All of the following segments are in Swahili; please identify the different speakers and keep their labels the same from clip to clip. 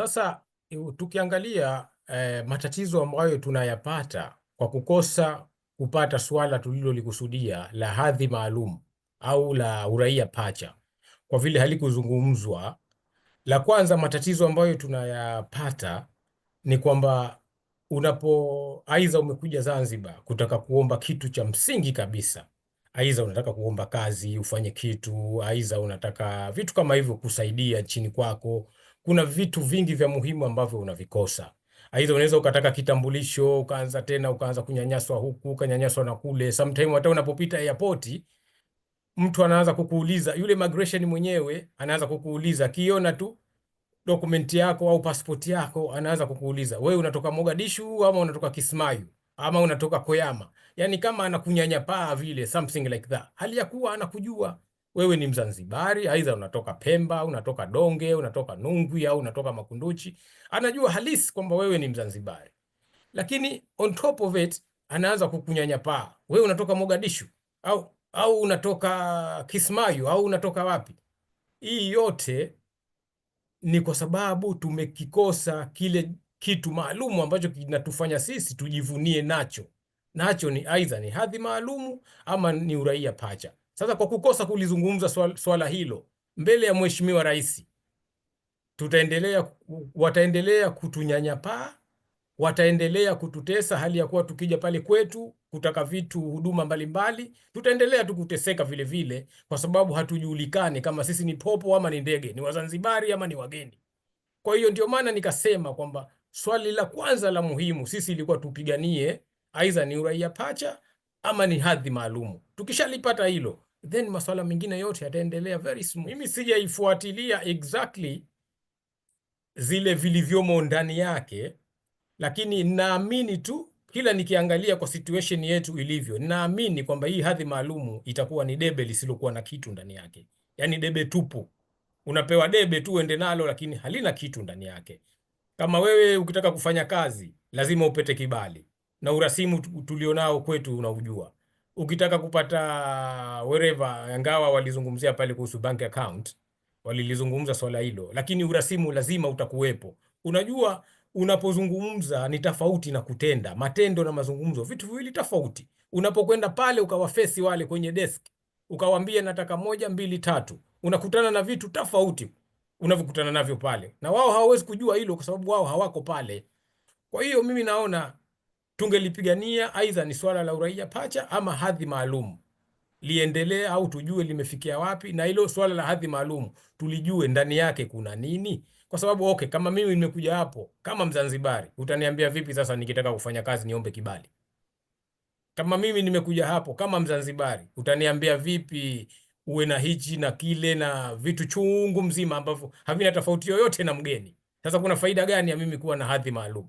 Speaker 1: Sasa tukiangalia eh, matatizo ambayo tunayapata kwa kukosa kupata swala tulilolikusudia la hadhi maalum au la uraia pacha, kwa vile halikuzungumzwa. La kwanza, matatizo ambayo tunayapata ni kwamba unapo aidha umekuja Zanzibar kutaka kuomba kitu cha msingi kabisa, aidha unataka kuomba kazi ufanye kitu, aidha unataka vitu kama hivyo kusaidia nchini kwako kuna vitu vingi vya muhimu ambavyo unavikosa. Aidha, unaweza ukataka kitambulisho, ukaanza tena ukaanza kunyanyaswa huku, ukanyanyaswa na kule. Sometimes hata unapopita airport mtu anaanza kukuuliza, yule migration mwenyewe anaanza kukuuliza, akiona tu dokumenti yako au pasipoti yako anaanza kukuuliza, wewe unatoka Mogadishu ama unatoka Kismayu ama unatoka Koyama. Yani kama anakunyanyapaa vile, something like that, hali ya kuwa anakujua wewe ni Mzanzibari, aidha unatoka Pemba, unatoka Donge, unatoka Nungwi au unatoka Makunduchi, anajua halisi kwamba wewe ni Mzanzibari, lakini on top of it anaanza kukunyanyapaa wewe, unatoka Mogadishu au au unatoka Kismayu au unatoka wapi. Hii yote ni kwa sababu tumekikosa kile kitu maalumu ambacho kinatufanya sisi tujivunie nacho nacho ni aidha ni hadhi maalumu ama ni uraia pacha. Sasa kwa kukosa kulizungumza swala, swala hilo mbele ya mheshimiwa rais, tutaendelea wataendelea kutunyanyapaa, wataendelea kututesa, hali ya kuwa tukija pale kwetu kutaka vitu, huduma mbalimbali, tutaendelea tu kuteseka vile vile, kwa sababu hatujulikani kama sisi ni popo ama ni ndege, ni Wazanzibari ama ni wageni. Kwa hiyo ndio maana nikasema kwamba swali la kwanza la muhimu sisi ilikuwa tupiganie, aidha ni uraia pacha ama ni hadhi maalumu. Tukishalipata hilo then masuala mengine yote yataendelea very smooth. Mimi sijaifuatilia exactly zile vilivyomo ndani yake, lakini naamini tu kila nikiangalia kwa situation yetu ilivyo, naamini kwamba hii hadhi maalumu itakuwa ni debe lisilokuwa na kitu ndani yake, yani debe tupu. Unapewa debe tu uende nalo, lakini halina kitu ndani yake. Kama wewe ukitaka kufanya kazi lazima upete kibali, na urasimu tulionao kwetu unaujua ukitaka kupata wherever, ingawa walizungumzia pale kuhusu bank account, walilizungumza swala hilo, lakini urasimu lazima utakuwepo. Unajua, unapozungumza ni tofauti na kutenda. Matendo na mazungumzo vitu viwili tofauti. Unapokwenda pale ukawafesi wale kwenye desk ukawaambia nataka moja mbili tatu, unakutana na vitu tofauti unavyokutana navyo pale, na wao hawawezi kujua hilo kwa sababu wao hawako pale. Kwa hiyo mimi naona tungelipigania, aidha ni swala la uraia pacha ama hadhi maalum liendelee, au tujue limefikia wapi, na hilo swala la hadhi maalum tulijue ndani yake kuna nini, kwa sababu okay, kama mimi nimekuja hapo kama Mzanzibari, utaniambia vipi sasa nikitaka kufanya kazi niombe kibali? Kama mimi nimekuja hapo kama Mzanzibari, utaniambia vipi uwe na hichi na kile na vitu chungu mzima ambavyo havina tofauti yoyote na mgeni? Sasa kuna faida gani ya mimi kuwa na hadhi maalum?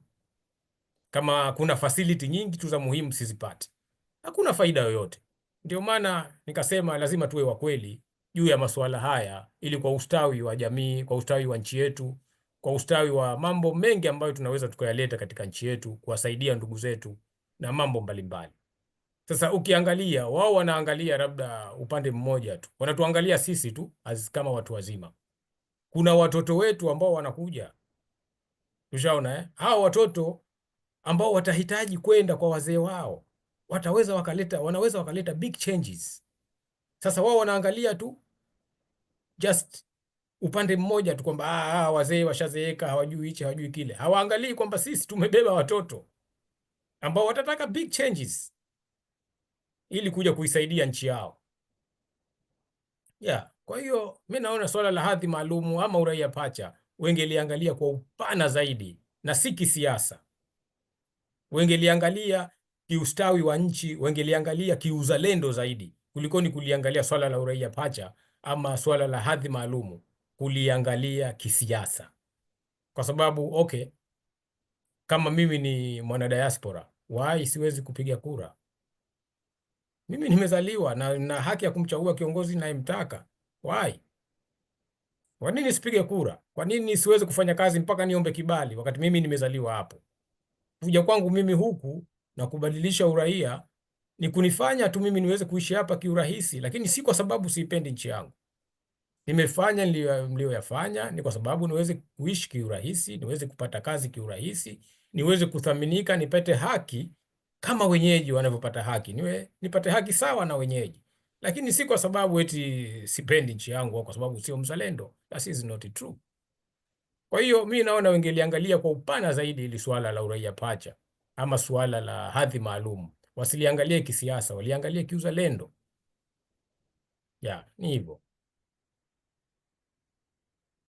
Speaker 1: kama kuna facility nyingi tu za muhimu sizipate, hakuna faida yoyote. Ndio maana nikasema lazima tuwe wa kweli juu ya masuala haya, ili kwa ustawi wa jamii, kwa ustawi wa nchi yetu, kwa ustawi wa mambo mengi ambayo tunaweza tukayaleta katika nchi yetu, kuwasaidia ndugu zetu na mambo mbalimbali. Sasa ukiangalia wao wanaangalia labda upande mmoja tu, wanatuangalia sisi tu kama watu wazima. Kuna watoto wetu ambao wanakuja, tushaona eh? hawa watoto ambao watahitaji kwenda kwa wazee wao wataweza wakaleta, wanaweza wakaleta big changes. Sasa wao wanaangalia tu just upande mmoja tu kwamba ah, ah, wazee washazeeka, hawajui hichi, hawajui kile. Hawaangalii kwamba sisi tumebeba watoto ambao watataka big changes ili kuja kuisaidia nchi yao yeah. Kwa hiyo mi naona swala la hadhi maalumu ama uraia pacha wengi liangalia kwa upana zaidi na si kisiasa wengeliangalia kiustawi wa nchi, wengeliangalia kiuzalendo zaidi kuliko ni kuliangalia swala la uraia pacha ama swala la hadhi maalumu, kuliangalia kisiasa, kwa sababu okay, kama mimi ni mwana diaspora wai siwezi kupiga kura. Mimi nimezaliwa na, na haki ya kumchagua kiongozi ninayemtaka wai. Kwa nini sipige kura? Kwa nini siwezi kufanya kazi mpaka niombe kibali wakati mimi nimezaliwa hapo? kuja kwangu mimi huku na kubadilisha uraia ni kunifanya tu mimi niweze kuishi hapa kiurahisi, lakini si kwa sababu siipendi nchi yangu. Nimefanya niliyoyafanya ni kwa sababu niweze kuishi kiurahisi, niweze kupata kazi kiurahisi, niweze kuthaminika, nipate haki kama wenyeji wanavyopata haki, niwe nipate haki sawa na wenyeji, lakini si kwa sababu eti sipendi nchi yangu au kwa sababu sio mzalendo. That is not true. Kwa hiyo mi naona wengeliangalia kwa upana zaidi ili suala la uraia pacha ama suala la hadhi maalum, wasiliangalie kisiasa, waliangalie kiuzalendo. Ya, ni hivyo.